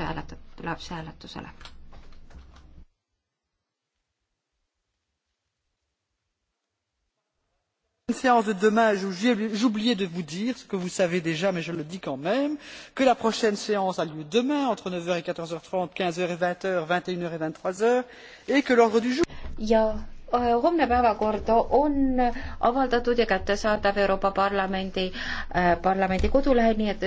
see hääletab, läheb see hääletusele. une séance de demain j'oubliais de vous dire ce que vous savez déjà mais je le dis quand même que la prochaine séance a lieu demain entre neuf h et quatorze h trente quinze h et vingt h vingt et une h et vingt trois h et que l'ordre du jour ja äh, homne päevakord on avaldatud ja kättesaadav Euroopa Parlamendi äh,, parlamendi kodulehel, nii et